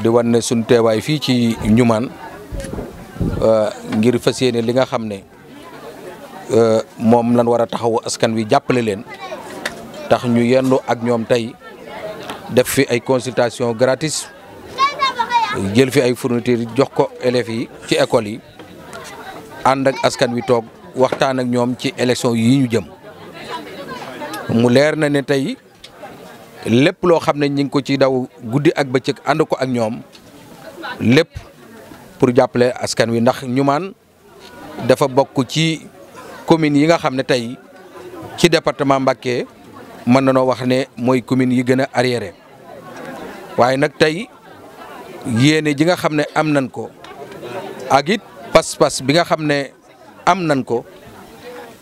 di wan ne suñ teewaay fii ci ñumaan euh, ngir fas yéene li nga xam ne euh, moom lan war a taxawu askan wi jàppale leen tax ñu yendu ak ñoom tey def fi ay consultation gratis jël fi ay fourniture jox ko élèves yi ci école yi ànd ak askan wi toog waxtaan ak ñoom ci élection yi ñu jëm mu leer na ne tey lépp loo xam ne ñi ngi ko ci daw guddi ak bëccëg ànd ko ak ñoom lépp pour jàppale askan wi ndax Ñumaan dafa bokk ci communes yi nga xam ne tey ci département Mbacké mën na noo wax ne mooy communes yi gën a arriéré waaye nag tey yéene ji nga xam ne am nañ ko ak it pas-pas bi nga xam ne am nañ ko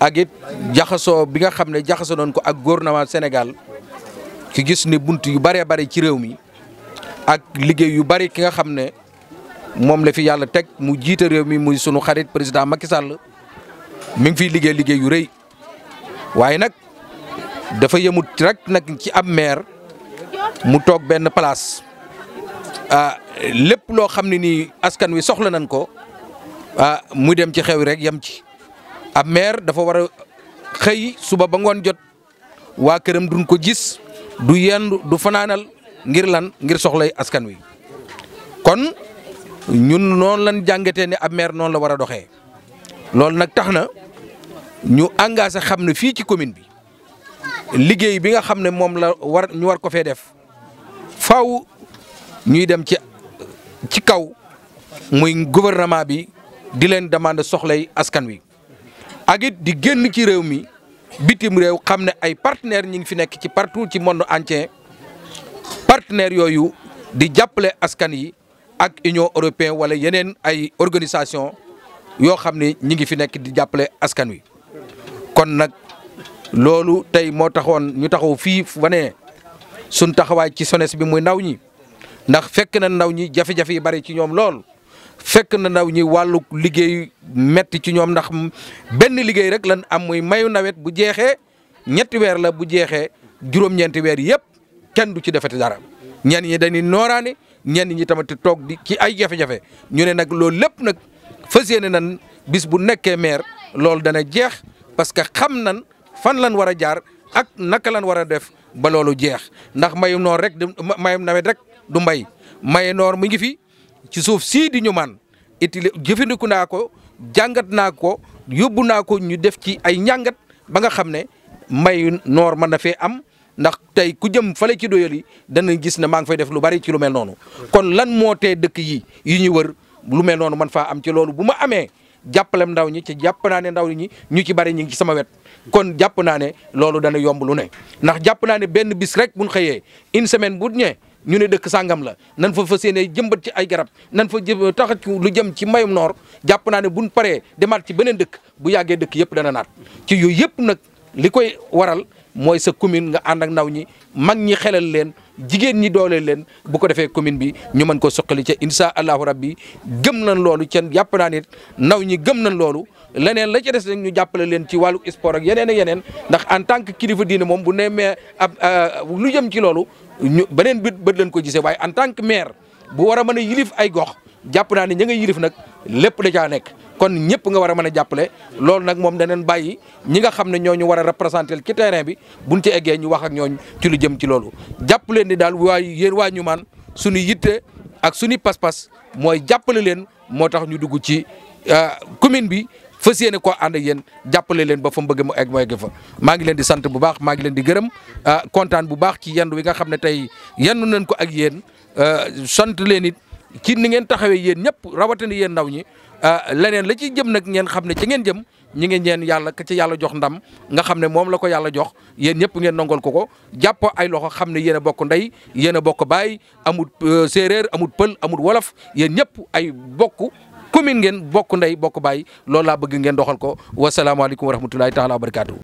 ak it jaxasoo bi nga xam ne jaxasoo ko ak gouvernement Sénégal ki gis ni bunt yu bëree bëri ci réew mi ak liggéey yu bëri ki nga xam ne moom la fi yàlla teg mu jiita réew mi muy sunu xarit président Macky Sall mi ngi fiy liggéey liggéey rëy waaye nag dafa yemut rek nag ci ab maire mu toog benn place ah lépp loo xam ne nii askan wi soxla nañ ko ah muy dem ci xew rek yem ci ab maire dafa war xëy suba ba ngoon jot waa këram duñ ko gis du yendu du fanaanal ngir lan ngir soxlay askan wi kon ñun noonu lan jàngatee ne ab maire noonu la war a doxee loolu nag tax na ñu engagé xam ne fii ci commune bi liggéey bi nga xam ne moom la war ñu war ko fee def faw ñuy dem ci ci kaw muy gouvernement bi di leen demander soxlay askan wi agit di génn ci réew mi. bitim réew xam ne ay partenaires ñi ngi fi nekk ci partout ci monde entier partenaires yooyu di jàppale askan yi ak Union européenne wala yeneen ay organisation yoo xam ni ñi ngi fi nekk di jàppale askan wi kon nag loolu tey moo taxoon ñu taxaw fii wane suñ taxawaay ci SONES bi muy ndaw ñi ndax fekk na ndaw ñi jafe-jafe yi bari ci ñoom lool fekk na ndaw ñi wàllu liggéey metti ci ñoom ndax benn liggéey rek lan am muy mayu nawet bu jeexee ñetti weer la bu jeexee juróom-ñeenti weer yëpp kenn du ci defati dara ñenn ñi dañuy nooraani ñenn ñi tamit toog di ci ay jafe-jafe ñu ne nag loolu lépp nag fas yéene nan bis bu nekkee maire loolu dana jeex parce que xam nan fan lan war a jaar ak naka lan war a def ba loolu jeex ndax mayu noor rek mayu nawet rek du mbay maye noor mu ngi fi ci suuf si di ñu man itili jëfandiku naa ko jàngat naa ko yóbbu naa ko ñu def ci ay njàngat ba nga xam ne mbayu noor mën na fee am ndax tey ku jëm fale ci doyal yi danañ gis ne maa ngi fay def lu bari ci lu mel noonu. kon lan moo tee dëkk yi yi ñu wër lu mel noonu man faa am ci loolu bu ma amee jàppalem ndaw ñi ci jàpp naa ne ndaw ñi ñu ci bari ñu ngi ci sama wet. kon jàpp naa ne loolu dana yomb lu ne ndax jàpp naa ne benn bis rek bu ñu xëyee une semaine bu ñëwee ñu ne dëkk sangam la nan fa fas yéene jëmbat ci ay garab nan fa jë tax lu jëm ci mbayum noor jàpp naa ne buñ paree demaat ci beneen dëkk bu yàggee dëkk yëpp dana naat ci yooyu yëpp nag li koy waral mooy sa commune nga ànd ak ndaw ñi mag ñi xelal leen jigéen ñi dooleel leen bu ko defee commune bi ñu mën ko suqali ca insha allahu rabbi gëm nañ loolu ca yàpp naa nit ndaw ñi gëm nañ loolu leneen la ca des nag ñu jàppale leen ci wàllu sport ak yeneen ak yeneen ndax en tant que kilifa diina moom bu ne mais ab euh, lu jëm ci loolu ñu beneen bët bët leen ko gisee waaye en tant que maire bu war a mën a yilif ay gox jàpp naa ne ña nga yilif nag lépp da caa nekk kon ñëpp nga war a mën a jàppale loolu nag moom daneen bàyyi ñi nga xam ne ñooñu war a représenté ci terrain bi buñ ci eggee ñu wax ak ñooñ ci lu jëm ci loolu jàpp leen ni daal waa yéen waa ñu maan suñu yitte ak suñu pas-pas mooy jàppale leen moo tax ñu dugg ci euh, commune bi fas yéene ko ànd ak yéen jàppale leen ba fa mu bëgg mu egg mu fa maa ngi leen di sant bu baax maa ngi leen di gërëm euh, kontaan bu baax ci yendu wi nga xam ne tey yendu nañ ko ak yéen euh, sant leen it kiin ni ngeen taxawee yéen ñëpp rawatina yéen ndaw ñi ah, leneen la ci jëm nag ngeen xam ne ci ngeen jëm ñi ngi ñeen yàlla ka ci yàlla jox ndam nga xam ne moom la ko yàlla jox yéen ñëpp ngeen nongol ko ko jàpp ay loxo xam ne yéen a bokk ndey yéen bokk baay amut euh, séeréer amut pël amut wolof yéen ñëpp ay bokk commune ngeen bokk ndey bokk baay loolu laa bëgg ngeen doxal ko wasalaamaaleykum wa rahmatulahi taala wa barakaatu.